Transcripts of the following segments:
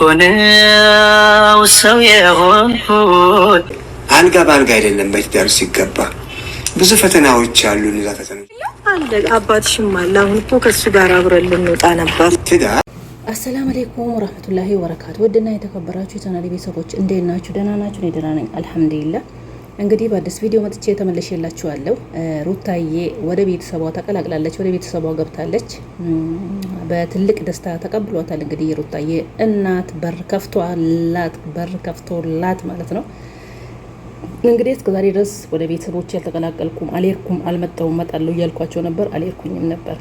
ሆነው ሰው የሆንኩት አልጋ በአልጋ አይደለም። በትዳር ሲገባ ብዙ ፈተናዎች አሉ። እነዛ ፈተናዎች አለ። አባትሽም አለ። አሁን እኮ ከሱ ጋር አብረን ልንወጣ ነበር ትዳር አሰላም አለይኩም ወራህመቱላሂ ወበረካቱ። ውድና የተከበራችሁ የቻናሌ ቤተሰቦች እንዴት ናችሁ? ደህና ናችሁ? እኔ ደህና ነኝ አልሐምዱሊላህ። እንግዲህ በአዲስ ቪዲዮ መጥቼ ተመልሼላችኋለሁ። ሩታዬ ወደ ቤተሰቧ ተቀላቅላለች፣ ወደ ቤተሰቧ ገብታለች። በትልቅ ደስታ ተቀብሏታል። እንግዲህ የሩታዬ እናት በር ከፍቶላት በር ከፍቶላት ማለት ነው። እንግዲህ ዛሬ ድረስ ወደ ቤተሰቦች ያልተቀላቀልኩም አልሄድኩም፣ አልመጣሁም፣ እመጣለሁ እያልኳቸው ነበር፣ አልሄድኩኝም ነበር።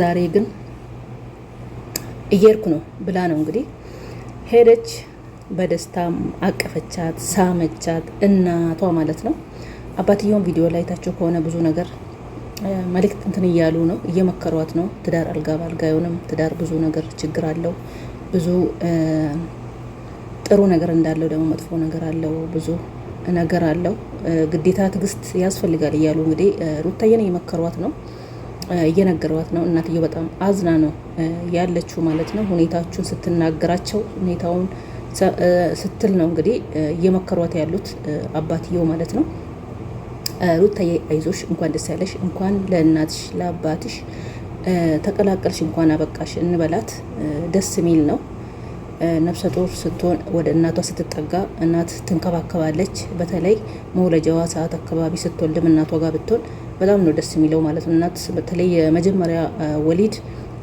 ዛሬ ግን እየሄድኩ ነው ብላ ነው እንግዲህ ሄደች። በደስታም አቀፈቻት፣ ሳመቻት፣ እናቷ ማለት ነው። አባትየውን ቪዲዮ ላይ ታችሁ ከሆነ ብዙ ነገር መልእክት እንትን እያሉ ነው፣ እየመከሯት ነው። ትዳር አልጋ ባልጋ አይሆንም፣ ትዳር ብዙ ነገር ችግር አለው፣ ብዙ ጥሩ ነገር እንዳለው ደግሞ መጥፎ ነገር አለው፣ ብዙ ነገር አለው፣ ግዴታ ትዕግስት ያስፈልጋል እያሉ እንግዲህ ሩታየን እየመከሯት ነው፣ እየነገሯት ነው። እናትየው በጣም አዝና ነው ያለችው ማለት ነው። ሁኔታችሁን ስትናገራቸው ሁኔታውን ስትል ነው እንግዲህ እየመከሯት ያሉት አባትየው ማለት ነው። ሩታዬ አይዞሽ፣ እንኳን ደስ ያለሽ፣ እንኳን ለእናትሽ ለአባትሽ ተቀላቀልሽ፣ እንኳን አበቃሽ እንበላት። ደስ የሚል ነው። ነፍሰ ጡር ስትሆን ወደ እናቷ ስትጠጋ እናት ትንከባከባለች። በተለይ መውለጃዋ ሰዓት አካባቢ ስትወልድም እናቷ ጋር ብትሆን በጣም ነው ደስ የሚለው ማለት ነው። እናት በተለይ የመጀመሪያ ወሊድ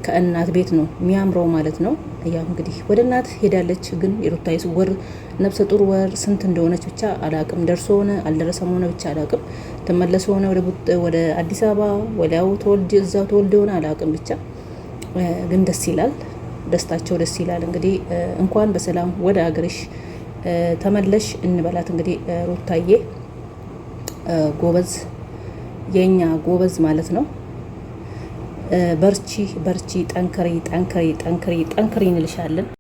ከእናት ቤት ነው የሚያምረው ማለት ነው። ያው እንግዲህ ወደ እናት ሄዳለች። ግን የሩታይስ ወር ነብሰ ጡር ወር ስንት እንደሆነች ብቻ አላቅም። ደርሶ ሆነ አልደረሰም ሆነ ብቻ አላቅም። ተመለሰ ሆነ ወደ አዲስ አበባ ወዲያው ተወልድ እዛው ተወልድ ሆነ አላቅም። ብቻ ግን ደስ ይላል፣ ደስታቸው ደስ ይላል። እንግዲህ እንኳን በሰላም ወደ አገርሽ ተመለሽ እንበላት እንግዲህ ሩታዬ ጎበዝ፣ የኛ ጎበዝ ማለት ነው። በርቺ በርቺ፣ ጠንክሪ ጠንክሪ ጠንክሪ ጠንክሪ እንልሻለን።